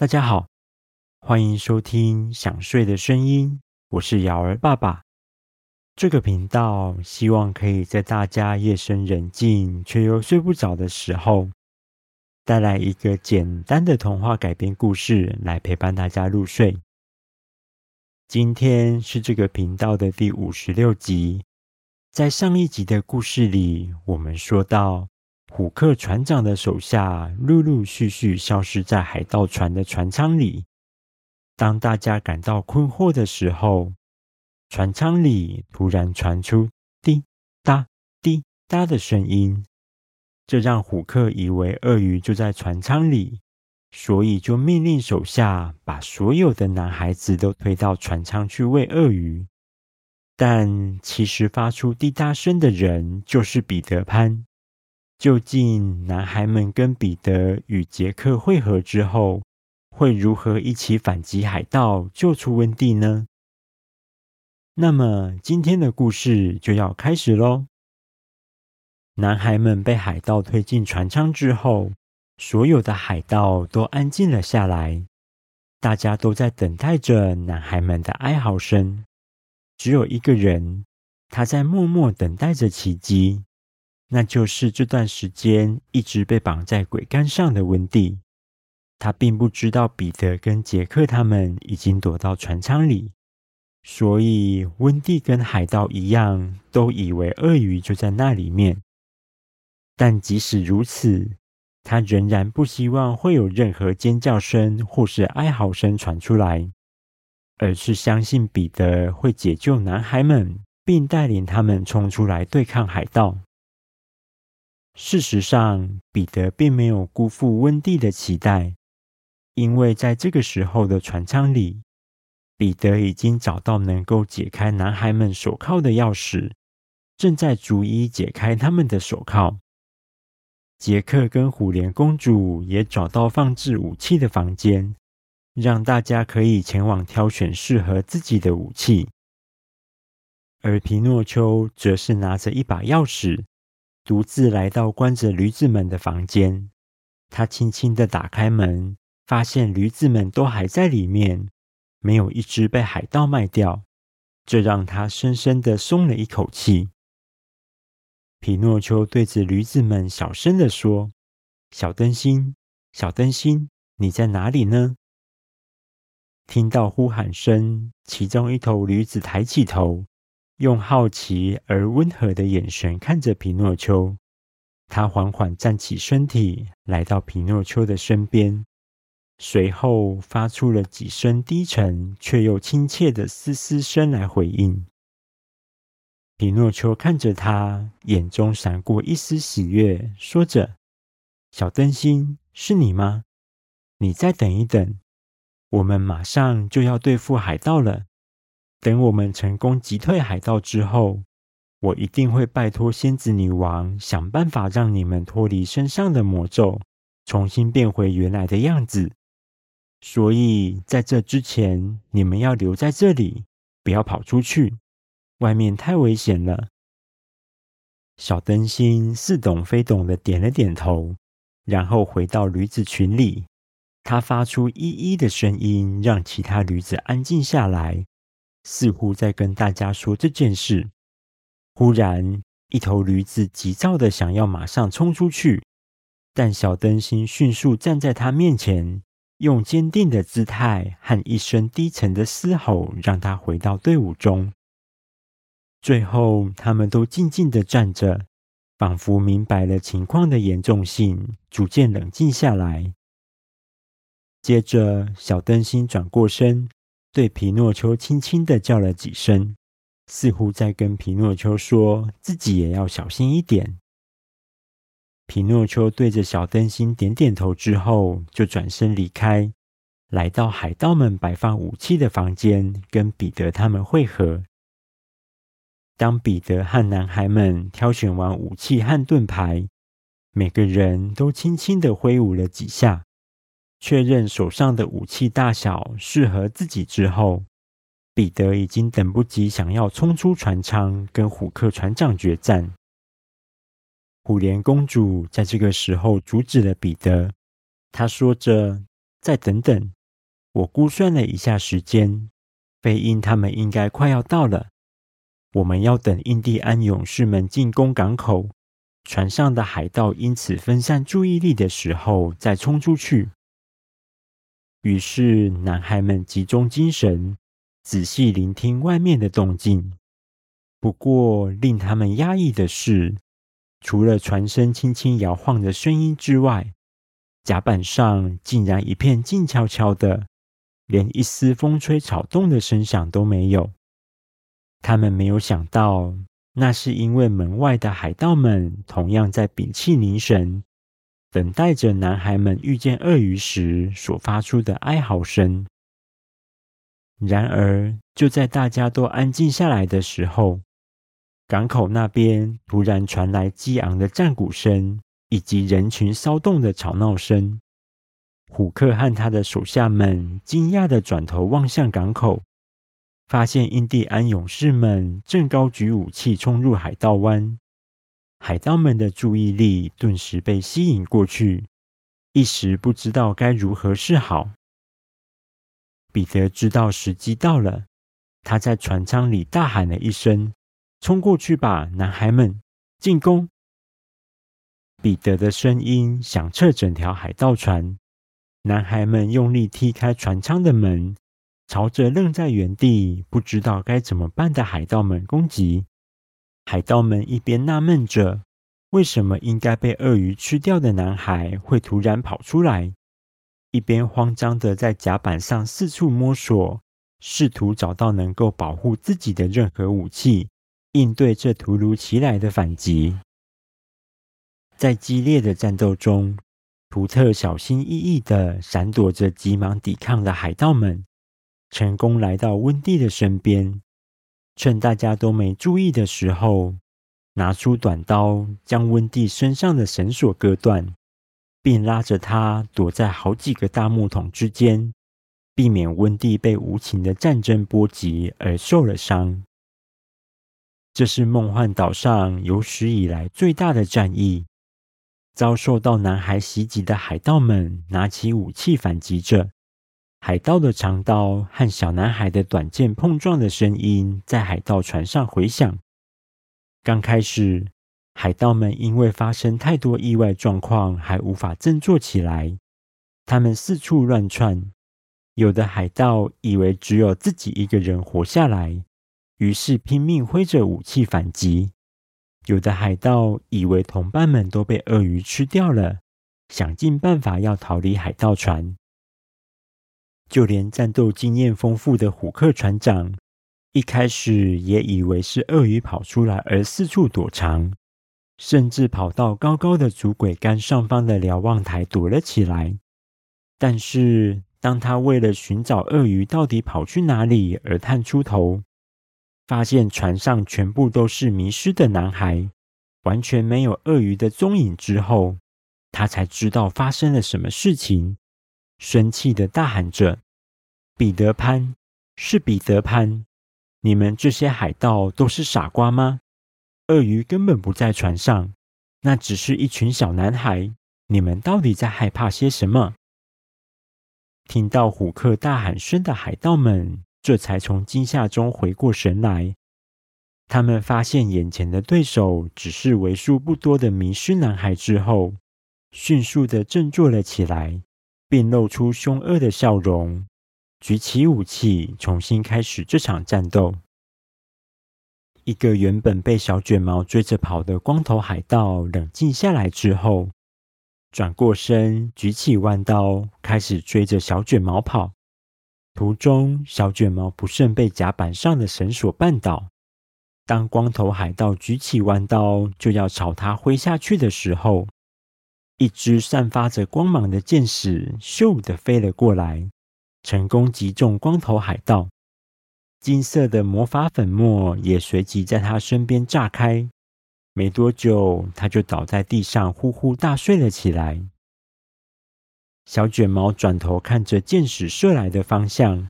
大家好，歡迎收聽《想睡的聲音》，我是堯兒爸爸。這個頻道希望可以在大家夜深人靜卻又睡不着的時候，帶來一個簡單的童話改編故事來陪伴大家入睡。今天是這個頻道的第五十六集，在上一集的故事裡，我們說到。虎克船長的手下陸陸續續消失在海盜船的船艙裡。當大家感到困惑的時候，船艙裡突然傳出滴答滴答的聲音，這讓虎克以為鱷魚就在船艙裡，所以就命令手下把所有的男孩子都推到船艙去餵鱷魚。但，其實發出滴答聲的人就是彼得潘。究竟男孩們跟彼得與傑克會合之後，會如何一起反擊海盜，救出溫蒂呢？那麼，今天的故事就要開始嘍。男孩們被海盜推進船艙之後，所有的海盜都安靜了下來，大家都在等待着男孩們的哀嚎聲。只有一個人，他在默默等待着奇蹟。那就是這段時間一直被綁在桅杆上的溫蒂，她並不知道彼得跟傑克他們已經躲到船艙裡，所以溫蒂跟海盜一樣，都以為鱷魚就在那裡面。但即使如此，她仍然不希望會有任何尖叫聲或是哀嚎聲傳出來，而是相信彼得會解救男孩們，並帶領他們衝出來對抗海盜。事實上，彼得並沒有辜負溫蒂的期待，因為在這個時候的船艙裡，彼得已經找到能夠解開男孩們手銬的鑰匙，正在逐一解開他們的手銬。傑克跟虎蓮公主也找到放置武器的房間，讓大家可以前往挑選適合自己的武器。而皮諾丘則是拿着一把鑰匙。獨自來到關着驢子們的房間，他輕輕的打開門，發現驢子們都還在裡面，沒有一隻被海盜賣掉，這讓他深深的鬆了一口氣。皮諾丘對着驢子們小聲的說：“小燈芯，小燈芯，你在哪裡呢？”聽到呼喊聲，其中一頭驢子抬起頭。用好奇而溫和的眼神看着皮諾丘，他緩緩站起身體，來到皮諾丘的身邊，隨後發出了幾聲低沉卻又親切的嘶嘶聲來回應。皮諾丘看着他，眼中閃過一絲喜悅，說着：“小燈芯，是你嗎？你再等一等，我們馬上就要對付海盜了。”等我們成功擊退海盜之後，我一定會拜託仙子女王想辦法讓你們脫離身上的魔咒，重新變回原來的樣子。所以在這之前，你們要留在這裡，不要跑出去，外面太危險了。小燈芯似懂非懂地點了點頭，然後回到驢子群裡，他發出“依依”的聲音，讓其他驢子安靜下來。似乎在跟大家說這件事。忽然，一頭驢子急躁的想要馬上衝出去，但小燈芯迅速站在他面前，用堅定的姿態和一聲低沉的嘶吼，讓他回到隊伍中。最後，他們都靜靜的站着，仿佛明白了情況的嚴重性，逐漸冷靜下來。接着，小燈芯轉過身。對皮諾丘輕輕地叫了幾聲，似乎在跟皮諾丘說自己也要小心一點。皮諾丘對着小燈芯點點頭之後，就轉身離開，來到海盜們擺放武器的房間，跟彼得他們會合。當彼得和男孩們挑選完武器和盾牌，每個人都輕輕地揮舞了幾下。確認手上的武器大小適合自己之後，彼得已經等不及想要衝出船艙跟虎克船長決戰。虎蓮公主在這個時候阻止了彼得，她說着：“再等等，我估算了一下時間，飛鷹他們應該快要到了。我們要等印第安勇士們進攻港口，船上的海盜因此分散注意力的時候，再衝出去。”於是，男孩們集中精神，仔細聆聽外面的動靜。不過，令他們壓抑的是，除了船身輕輕搖晃的聲音之外，甲板上竟然一片靜悄悄的，連一絲風吹草動的聲響都沒有。他們沒有想到，那是因為門外的海盜們同樣在屏氣凝神。等待着男孩們遇見鱷魚時所發出的哀嚎聲。然而，就在大家都安靜下來的時候，港口那邊突然傳來激昂的戰鼓聲，以及人群騷動的吵鬧聲。虎克和他的手下們驚訝地轉頭望向港口，發現印第安勇士們正高舉武器衝入海盜灣。海盜們的注意力頓時被吸引過去，一時不知道該如何是好。彼得知道時機到了，他在船艙裡大喊了一聲：“衝過去吧，男孩們，進攻！”彼得的聲音響徹整條海盜船，男孩們用力踢開船艙的門，朝着愣在原地、不知道該怎麼辦的海盜們攻擊。海盜們一邊納悶着為什麼應該被鱷魚吃掉的男孩會突然跑出來，一邊慌張地在甲板上四處摸索，試圖找到能夠保護自己的任何武器，應對這突如其來的反擊。在激烈的戰鬥中，圖特小心翼翼地閃躲着急忙抵抗的海盜們，成功來到溫蒂的身邊。趁大家都沒注意的時候，拿出短刀將溫蒂身上的繩索割斷，並拉着她躲在好幾個大木桶之間，避免溫蒂被無情的戰爭波及而受了傷。這是夢幻島上有史以來最大的戰役，遭受到男孩襲擊的海盜們拿起武器反擊着。海盜的長刀和小男孩的短劍碰撞的聲音在海盜船上回響。剛開始，海盜們因為發生太多意外狀況，還無法振作起來。他們四處亂竄，有的海盜以為只有自己一個人活下來，於是拼命揮着武器反擊；有的海盜以為同伴們都被鱷魚吃掉了，想盡辦法要逃離海盜船。就連戰鬥經驗豐富的虎克船長，一開始也以為是鱷魚跑出來而四處躲藏，甚至跑到高高的主桅杆上方的瞭望台躲了起來。但是，當他為了尋找鱷魚到底跑去哪裡而探出頭，發現船上全部都是迷失的男孩，完全沒有鱷魚的蹤影之後，他才知道發生了什麼事情。生氣的大喊着：“彼得潘，是彼得潘！你們這些海盜都是傻瓜嗎？鱷魚根本不在船上，那只是一群小男孩。你們到底在害怕些什麼？”聽到虎克大喊聲的海盜們，這才從驚嚇中回過神來。他們發現眼前的對手只是為數不多的迷失男孩之後，迅速的振作了起來。並露出兇惡的笑容，舉起武器，重新開始這場戰鬥。一個原本被小捲毛追着跑的光頭海盜冷靜下來之後，轉過身，舉起彎刀，開始追着小捲毛跑。途中，小捲毛不慎被甲板上的繩索絆倒。當光頭海盜舉起彎刀就要朝他揮下去的時候，一支散發着光芒的箭矢咻地飛了過來，成功擊中光頭海盜。金色的魔法粉末也隨即在他身邊炸開。沒多久，他就倒在地上呼呼大睡了起來。小卷毛轉頭看着箭矢射來的方向，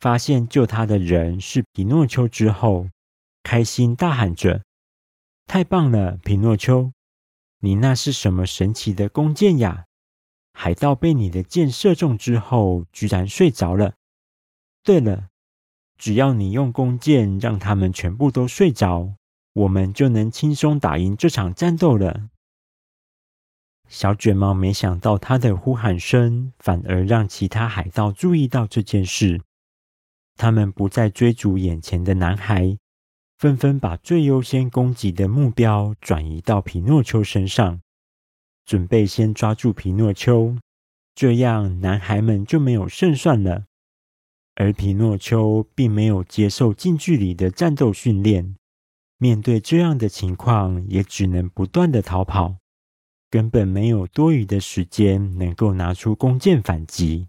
發現救他的人是皮諾丘之後，開心大喊着：“太棒了，皮諾丘！”你那是什麼神奇的弓箭呀？海盜被你的箭射中之後，居然睡着了。對了，只要你用弓箭讓他們全部都睡着，我們就能輕鬆打贏這場戰鬥了。小捲毛沒想到，他的呼喊聲反而讓其他海盜注意到這件事，他們不再追逐眼前的男孩。紛紛把最優先攻擊的目標轉移到皮諾丘身上，準備先抓住皮諾丘，這樣男孩們就沒有勝算了。而皮諾丘並沒有接受近距離的戰鬥訓練，面對這樣的情況，也只能不斷的逃跑，根本沒有多餘的時間能夠拿出弓箭反擊。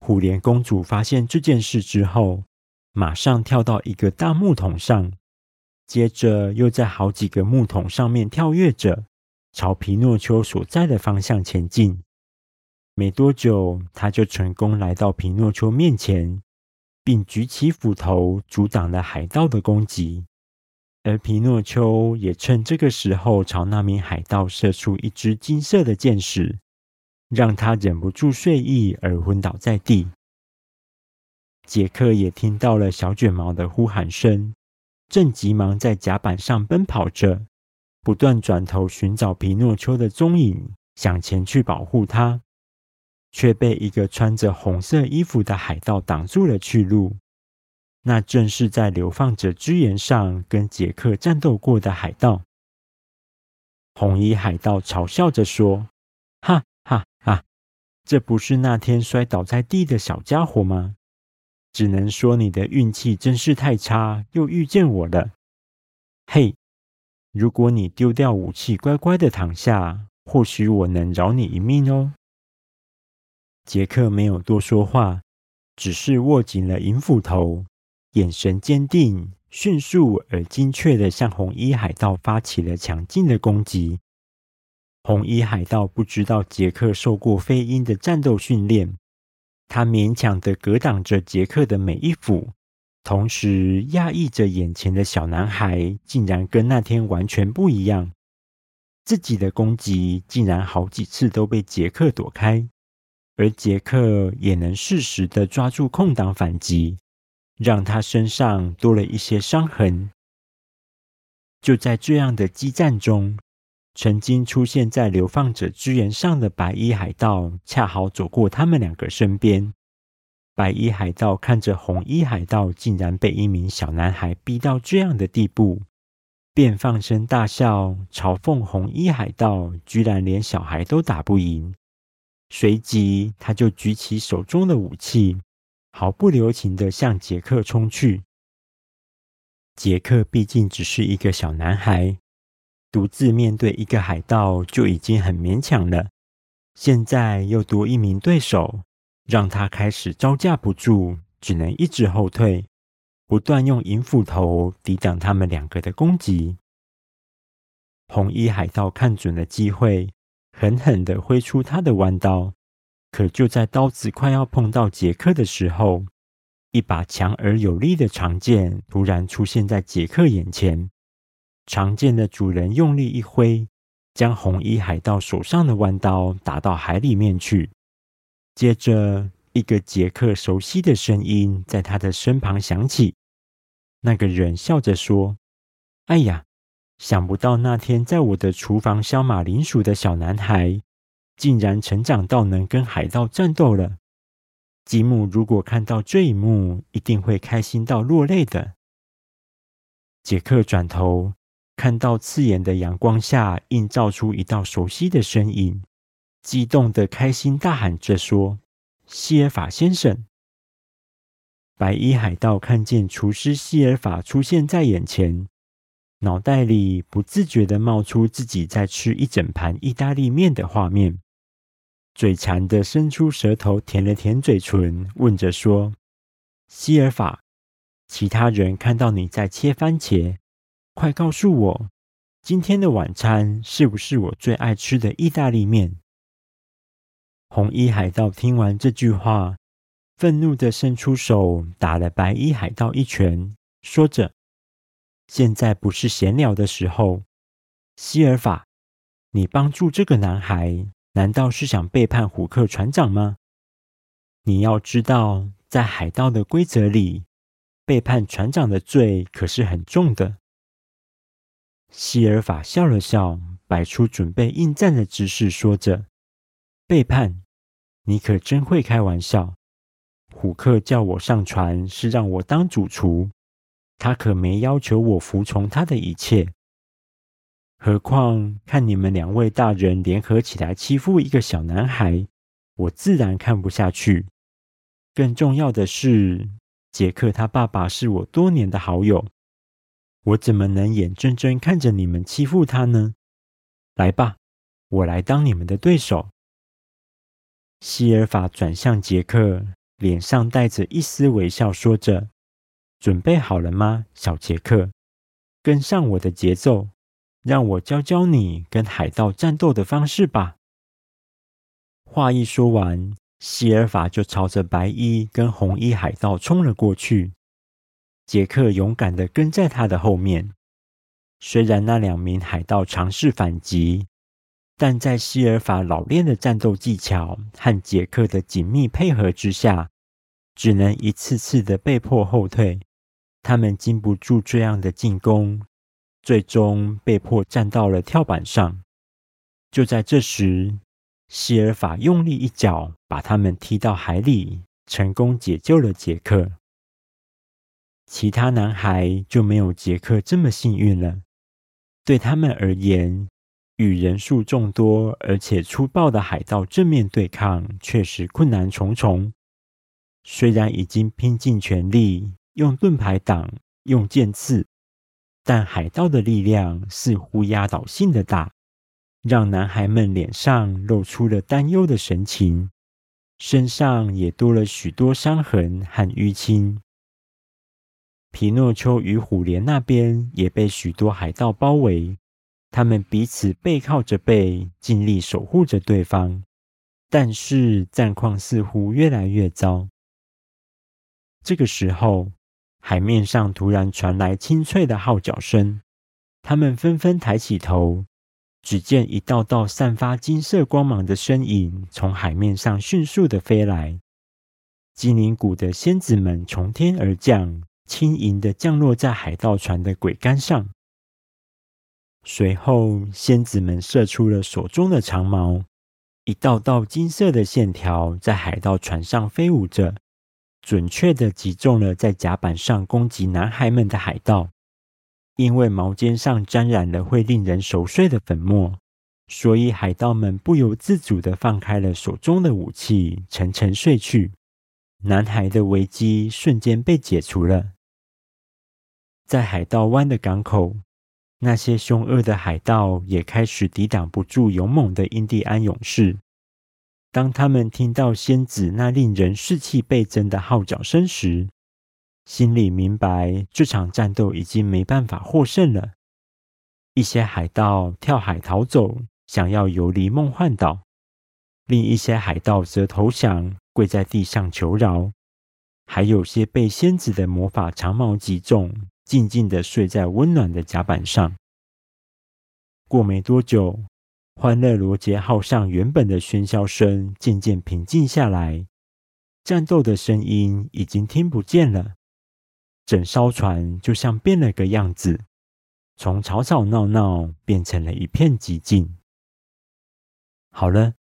虎蓮公主發現這件事之後，馬上跳到一個大木桶上，接着又在好幾個木桶上面跳躍着，朝皮諾丘所在的方向前進。沒多久，他就成功來到皮諾丘面前，並舉起斧頭阻擋了海盜的攻擊。而皮諾丘也趁這個時候朝那名海盜射出一支金色的箭矢，讓他忍不住睡意而昏倒在地。傑克也聽到了小捲毛的呼喊聲，正急忙在甲板上奔跑着，不斷轉頭尋找皮諾丘的蹤影，想前去保護他，卻被一個穿着紅色衣服的海盜擋住了去路。那正是在流放者之岩上跟傑克戰鬥過的海盜。紅衣海盜嘲笑着說：“哈哈哈，這不是那天摔倒在地的小傢伙嗎？”只能說你的運氣真是太差，又遇見我了。嘿，Hey，如果你丟掉武器，乖乖的躺下，或許我能饒你一命哦。杰克沒有多說話，只是握緊了銀斧頭，眼神堅定，迅速而精確的向紅衣海盜发起了強勁的攻擊。紅衣海盜不知道杰克受過飛鷹的戰鬥訓練。他勉強的格擋着傑克的每一斧，同時壓抑着眼前的小男孩竟然跟那天完全不一樣。自己的攻擊竟然好幾次都被傑克躲開，而傑克也能適時的抓住空檔反擊，讓他身上多了一些傷痕。就在這樣的激戰中，曾經出現在流放者之岩上的白衣海盜，恰好走過他們兩個身邊。白衣海盜看着紅衣海盜竟然被一名小男孩逼到這樣的地步，便放聲大笑，嘲諷紅衣海盜居然連小孩都打不贏。隨即，他就舉起手中的武器，毫不留情的向傑克衝去。傑克畢竟只是一個小男孩。獨自面對一個海盜就已經很勉強了，現在又多一名對手，讓他開始招架不住，只能一直後退，不斷用銀斧頭抵擋他們兩個的攻擊。紅衣海盜看準了機會，狠狠的揮出他的彎刀，可就在刀子快要碰到傑克的時候，一把強而有力的長劍突然出現在傑克眼前。長劍的主人用力一揮，將紅衣海盜手上的彎刀打到海裡面去。接着，一個傑克熟悉的聲音在他的身旁響起。那個人笑着說：“哎呀，想不到那天在我的廚房削馬鈴薯的小男孩，竟然成長到能跟海盜戰鬥了。”吉姆如果看到這一幕，一定會開心到落淚的。傑克轉頭，看到刺眼的陽光下映照出一道熟悉的身影，激動的開心大喊着說：“希爾法先生！”白衣海盜看見廚師希爾法出現在眼前，腦袋裡不自覺的冒出自己在吃一整盤意大利麵的畫面，嘴饞的伸出舌頭舔了舔嘴唇，問着說：“希爾法，其他人看到你在切番茄？”快告訴我，今天的晚餐是不是我最愛吃的意大利麵？紅衣海盜聽完這句話，憤怒地伸出手打了白衣海盜一拳，說着：“現在不是閒聊的時候，希爾法，你幫助這個男孩，難道是想背叛虎克船長嗎？你要知道，在海盜的規則裡，背叛船長的罪可是很重的。”希爾法笑了笑，擺出準備應戰的姿勢，說着：“背叛，你可真會開玩笑。虎克叫我上船是讓我當主廚，他可沒要求我服從他的一切。何況看你們兩位大人聯合起來欺負一個小男孩，我自然看不下去。更重要的是，傑克他爸爸是我多年的好友。”我怎麼能眼睜睜看着你們欺負他呢？來吧，我來當你們的對手。希爾法轉向傑克，臉上帶着一絲微笑，說着：“準備好了嗎，小傑克？跟上我的節奏，讓我教教你跟海盜戰鬥的方式吧。”話一說完，希爾法就朝着白衣跟紅衣海盜衝了過去。傑克勇敢的跟在他的後面，雖然那兩名海盜嘗試反擊，但在希爾法老練的戰鬥技巧和傑克的緊密配合之下，只能一次次的被迫後退。他們經不住這樣的進攻，最終被迫站到了跳板上。就在這時，希爾法用力一腳把他們踢到海裡，成功解救了傑克。其他男孩就沒有傑克這麼幸運了。對他們而言，與人數眾多而且粗暴的海盜正面對抗，確實困難重重。雖然已經拼盡全力，用盾牌擋，用劍刺，但海盜的力量似乎壓倒性的大，讓男孩們臉上露出了擔憂的神情，身上也多了許多傷痕和淤青。皮諾丘與虎蓮那邊也被許多海盜包圍，他們彼此背靠着背，盡力守護着對方。但是戰況似乎越來越糟。這個時候，海面上突然傳來清脆的號角聲，他們紛紛抬起頭，只見一道道散發金色光芒的身影從海面上迅速地飛來，精靈谷的仙子們從天而降。輕盈地降落在海盜船的桅桿上，隨後仙子們射出了手中的長矛，一道道金色的線條在海盜船上飛舞着，準確地擊中了在甲板上攻擊男孩們的海盜。因為矛尖上沾染了會令人熟睡的粉末，所以海盜們不由自主地放開了手中的武器，沉沉睡去。男孩的危機瞬間被解除了。在海盜灣的港口，那些兇惡的海盜也開始抵擋不住勇猛的印第安勇士。當他們聽到仙子那令人士氣倍增的號角聲時，心裡明白這場戰鬥已經沒辦法獲勝了。一些海盜跳海逃走，想要游離夢幻島；另一些海盜則投降，跪在地上求饒；還有些被仙子的魔法長矛擊中。靜靜地睡在溫暖的甲板上。過沒多久，歡樂羅傑號上原本的喧囂聲漸漸平靜下來，戰鬥的聲音已經聽不見了。整艘船就像變了個樣子，從吵吵鬧鬧變成了一片寂靜。好了，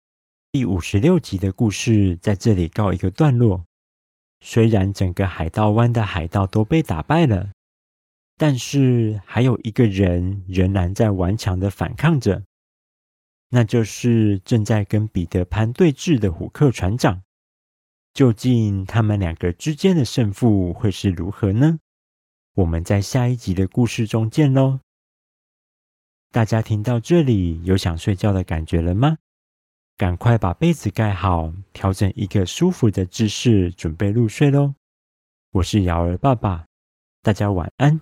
第五十六集的故事在這裡告一個段落。雖然整個海盜灣的海盜都被打敗了。但是還有一個人仍然在頑強地反抗着，那就是正在跟彼得潘對峙的虎克船長。究竟他們兩個之間的勝負會是如何呢？我們在下一集的故事中見嘍！大家聽到這裡有想睡覺的感覺了嗎？趕快把被子蓋好，調整一個舒服的姿勢，準備入睡嘍！我是堯兒爸爸，大家晚安。